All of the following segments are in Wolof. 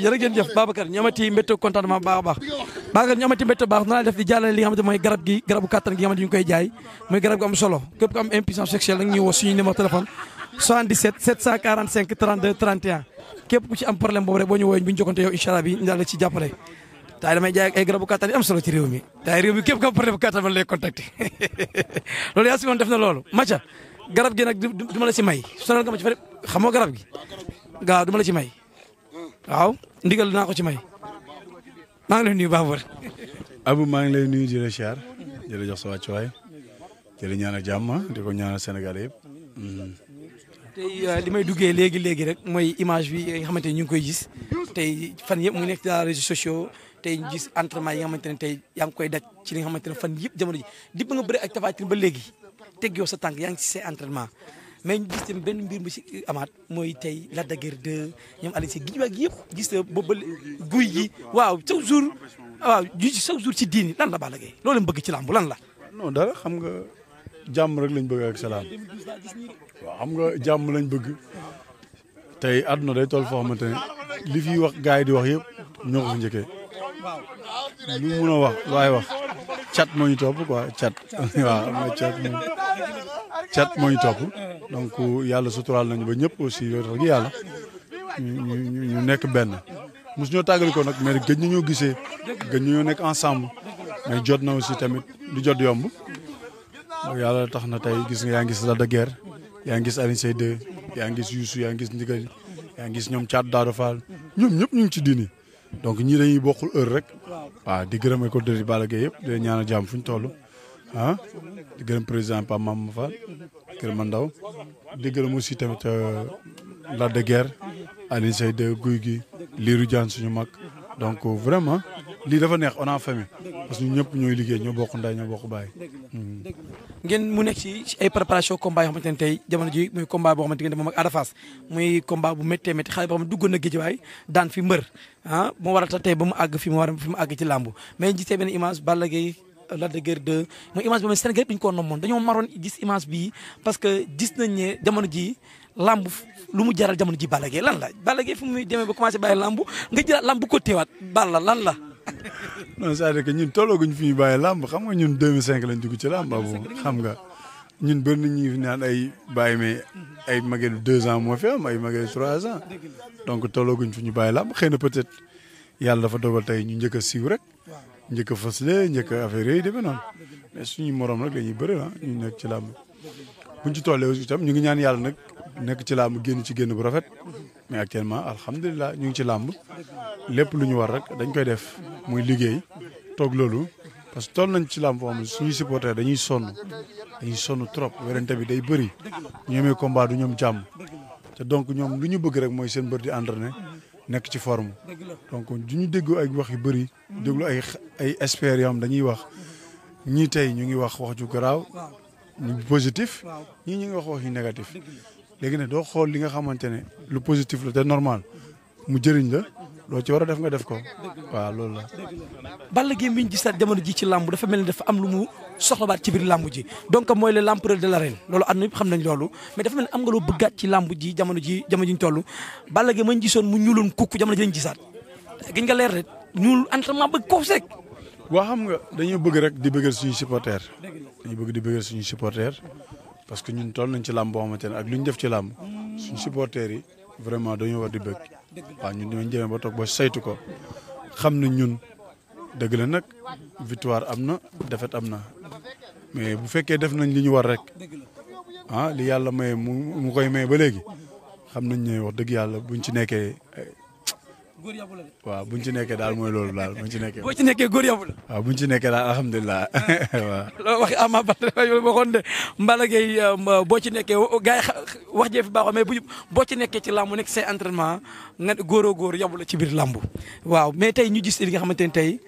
jërë ngeen jëf Babacar ñu amati mbétte contentement bu baax a baax def di jàllale li nga xamante garab gi garabu kattan gi nga xamante ñu koy jaay muy garab gu am solo képp ku am impuissance sexuelle nag ñuy woo suñu numéro téléphone 77 745 32 31 képp ku ci am problème boobu boo ñu woowee bu ñu jokkante yow incha bi ñu ci jàppale taay damay jaay ay garabu kattan yi am solo ci réew mi taay réew mi problème kattan man na loolu macha garab gi nag du ma la si ma ci fa xam nga la ci may waaw ndigal naa ko ci may maa ngi lay nuyu Babacar. Abou maa ngi lay nuyu di la ziar di la jox sa wàccuwaay di la ñaanal jàmm di ko ñaanal Sénégal yëpp. Hmm. tey euh, li duggee léegi léegi rek mooy image bi nga xamante ni ñu ngi koy gis tey fan yëpp mu nekk ci les réseaux sociaux tey ñu gis entraînement yi nga xamante ne tey yaa ngi koy daj ci li nga xamante ne fan yëpp jamono ji di ba nga bëre ak Tapha Tine ba léegi teg yow sa tànk yaa ngi ci say entraînement mais ñu gis benn mbir mu si amaat mooy tey Lac de Guiers 2 ñoom Alioune Seye gi ñu yëpp gis na boobu guy gi waaw chaque jour waaw ju chaque jour ci diini lan la Balla Gaye loolu mu bëgg ci bu lan la. non dara xam nga jàmm rek lañ bëgg ak salaam xam nga jàmm lañ bëgg tey àdduna day toll foo xamante ne li fi wax gars yi di wax yëpp ñoo ko fi njëkkee mun a wax waaye wax. cat moo ñu topp quoi cat waaw mooy na moom moo ñu donc yàlla suturaal nañu ba ñëpp aussi yoo tax gi yàlla ñu nekk benn mosu ñoo tàggali ko nag mais gëj nañoo gisee gëj nañoo nekk ensemble ma jot na aussi tamit du jot yomb yàlla tax na tey gis nga yaa ngi gis Lac de Guiers yaa ngi gis Alioune Seye yaa ngi gis Youssou yaa ngi gis Ndigal yaa ngi gis ñoom Thiat Daouda Fall ñoom ñëpp ñu ngi ci diini donc ñii dañuy bokkul heure rek waaw di gërëm école de Balla Gaye yëpp di ñaanal jàmm fu ñu toll ah, di gërëm président Pape Mama Fall gërëm ndaw di gërëm aussi tamit euh, Lac de Guiers Alioune Seye de Guy gi Lirou Diane suñu mag donc euh, vraiment lii dafa neex on est famille parce que ñun ñëpp ñooy liggéey ñoo bokk nday ñoo bokk baay. ngeen mu nekk ci ay préparation combat yoo xamante ne tey jamono ji muy combat boo xamante ne moom ak Ada Fass muy combat bu méttee métti xale boo xam ne duggoon na géejawaay daan fi mbër ah waral tax tey ba mu àgg fi mu war fi mu àgg ci làmb mais gisee benn image Balla Gaye Lac de dañoo maroon gis image bii parce que gis nañ ne jamono ji lamb lu mu jaral jamono ji Balla Gaye lan la Balla Gaye fu muy demee ba commencé bàyyi làmb nga jëlaat làmb ko téewaat Balla lan la non c'est-à-dire que ñun tollooguñ fi ñu bàyyi làmb xam nga ñun 2005 lañ dugg ci làmb ah, boobu xam nga ñun bëri nañ ñu fi ñaan ay bàyyi mais ay magee deux ans moo fi am ay magee trois ans donc tollooguñ fi ñu bàyyi làmb xëy na peut-être yàlla dafa dogal tey ñu njëkk a siiw rek njëkk a fësle njëkk a affaire yooyu demee noonu mais suñu morom rek la ñuy bëri ah ñu nekk ci làmb buñ ci tollee aussi tam ñu ngi ñaan yàlla nag nekk ci làmb génn ci génn bu rafet mais actuellement alhamdulilah ñu ngi ci làmb lépp lu ñu war rek dañ koy def muy liggéey toog loolu parce que toll nañ ci làmb foo xam ne suñuy supporter dañuy sonn dañuy sonn trop werante bi day bëri ñu amee combat du ñoom jàmm te donc ñoom lu ñu bëgg rek mooy seen bër di entraîné nekk ci forme donc du ñu déglu ay wax yu bëri déglu ay ay experts yoo xam dañuy wax ñii tey ñu ngi wax wax ju garaaw ñu positif ñii ñu ngi wax wax yu négatif léegi ne doo xool li nga xamante ne lu positif la te normal mu jëriñ la loo ci war a def nga def ko waaw loolu la. Balla Gaye mi ñu gisaat jamono ji ci làmb dafa mel ni dafa am lu mu baat ci biir làmb ji donc mooy le l'empereur de l'arène loolu àdduna yëpp xam nañ loolu mais dafa mel ni am nga loo bëggaat ci làmb ji jamono ji jamono ji ñu toll Balla Gaye ma ñu gisoon mu ñuuloon kukk jamono ji lañ gisaat giñ nga leer rek ñuul entraînement bëgg koof si rek. waa xam nga dañuy bëgg rek di bëggal suñu supporter dañuy bëgg di bëggal suñu supporter parce que ñun toll nañ ci làmb boo xamante ne ak lu ñu def ci làmb suñu supporters yi vraiment dañoo war di bëgg waaw ñun ñooñu jëmee ba toog ba saytu ko xam ne ñun dëgg la nag victoire am na defet am na mais bu fekkee def nañ li ñu war rek ah li yàlla maye mu mu koy maye ba léegi xam nañ ne wax dëgg yàlla buñ ci nekkee góor yàbbu la de. waaw bu ñu ci nekkee daal mooy loolu daal bu ñu ci nekkee. boo ci nekkee góor yàbbu la. bu ñu ci nekkee daal alhamdulilah ah. waaw. loolu waxi Ama Baldé waxoon de Mballa Gaye um, boo ci nekkee gars yi mais bu boo ci nekkee ci làmb nekk say entraînement nga góoroo góor yàbbu la ci biir làmb waaw mais tey ñu gis li tey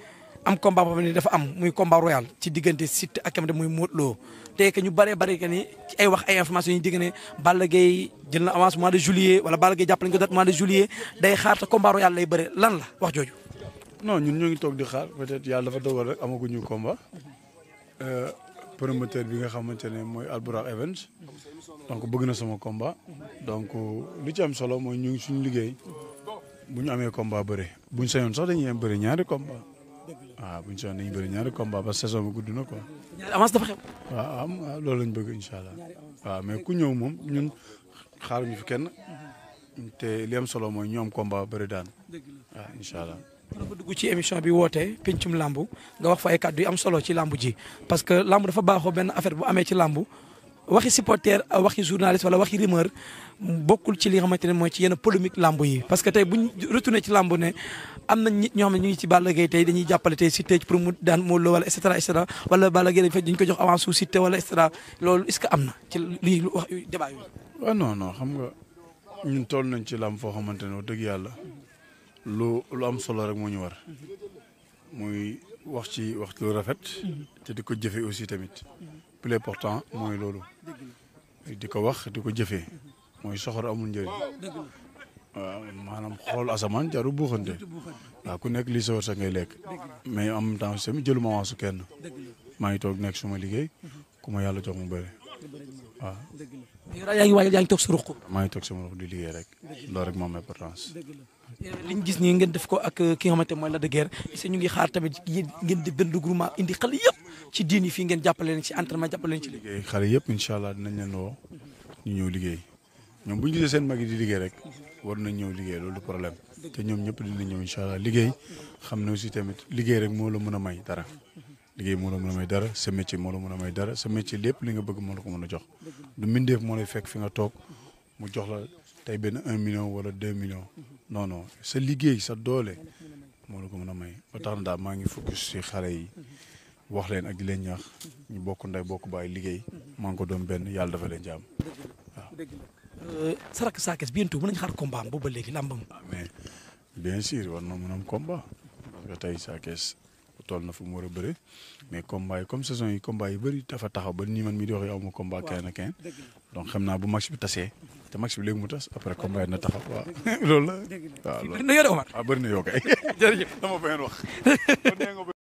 am combat boo xam ne dafa am muy combat royal ci diggante Siteu ak am muy Modou Lo te que ñu bëree bëri que ni ci ay wax ay information yi dégg ne Balla Gaye jël na avance mois de juillet wala Balla jàpp nañu ko date mois de juillet day xaar te combat royal lay bëre lan la wax jooju. non ñun ñu ngi toog di xaar peut-être yàlla dafa dogal rek amaguñu combat euh, promoteur bi nga xamante ne mooy Albourakh Events donc bëgg na sama combat donc euh, lu ci am solo mooy ñu ngi suñu liggéey bu amee combat bëre buñ ñu sañoon sax dañuy am bëre ah bu ñu soxla nañu bëri ñaari combat ba saison bi gudd na ko ñaari avance dafa xew. waaw am loolu lañ bëgg incha allah waaw mais ku ñëw moom ñun xaaruñu fi kenn te li am solo mooy ñoom combat bari daan waaw incha allah. wala ci émission bi wootee pencum lambu nga wax fa ay kàddu yu am solo ci lambu ji parce que lamb dafa baaxoo benn affaire bu amee ci lambu. waxi supporter waxi journaliste wala waxi rumeur bokkul ci li nga xamante ne mooy ci yenn polémique làmb yi parce que tey buñ retourné ci làmb ne am na nit ñoo xam ne ñu ngi ci Balla Gaye tey dañuy jàppale tey Siteu pour mu daan Modou Lo wala et cetera et cetera wala dañ fekk ko jox avance su Siteu wala et cetera loolu est que am na ci lii wax débat yooyu. waaw ah non xam nga ñun toll nañ ci làmb foo xamante ne wax dëgg yàlla lu lu am solo rek moo ñu war muy wax ci wax lu rafet. te di ko jëfee aussi tamit. plus important mooy loolu di ko wax di ko jëfee mooy soxor amul njëriñ waaw maanaam xool asamaan jaru buuxante waaw ku nekk lii soxor sa ngay lekk mais en même temps tamit ma waasu kenn maa ngi toog nekk suma liggéey ku ma yàlla jox mu bëri waaw. yaa ngi toog sa ruq. maa ngi toog sama ruq di liggéey rek loolu rek moom importance. li ñu gis nii ngeen def ko ak euh, ki nga xamante mooy Lac de Guiers si ñu ngi xaar tamit ngeen di benn groupement indi xale yëpp ci diini fii ngeen jàppale leen ci ma jàppale leen ci liggéey xale yëpp incha allah dinañ leen woo ñu liggéey ñoom bu ñu seen mag yi di liggéey rek war nañ ñëw liggéey loolu problème te ñoom ñëpp dinañ ñëw incha allah liggéey xam ne aussi tamit liggéey rek moo la mën a may dara liggéey moo la mën a may dara sa métier moo la mën a may dara sa métier lépp li nga bëgg moo la ko mën a jox du mbindeef moo lay fekk fi nga toog mu jox la tey benn un million wala deux millions non sa liggéey sa doole moo la ko mën a may ba tax na daal maa ngi focus si xale yi wax leen ak di leen ñaax ñu bokk ndey bokk baay liggéey maa ngi ko doon benn yàlla dafa leen jàmm waaw. Euh, Sarak Sakess bientôt mën nañu xaar combat am boobu ba léegi làmbam. Ah, mais bien sûr war na mën am combat parce que tey Sakess toll na fu mu war a bëre mais combat yi comme saison yi combat yi bëri dafa taxaw ba ni man mi di wax yow ma combat kenn ak donc xam naa bu match bi tasee. te match bi léegi mu tas après combat na taxaw waaw loolu la. waaw bëri na yow de Omar. waaw ah, bëri na yow kay.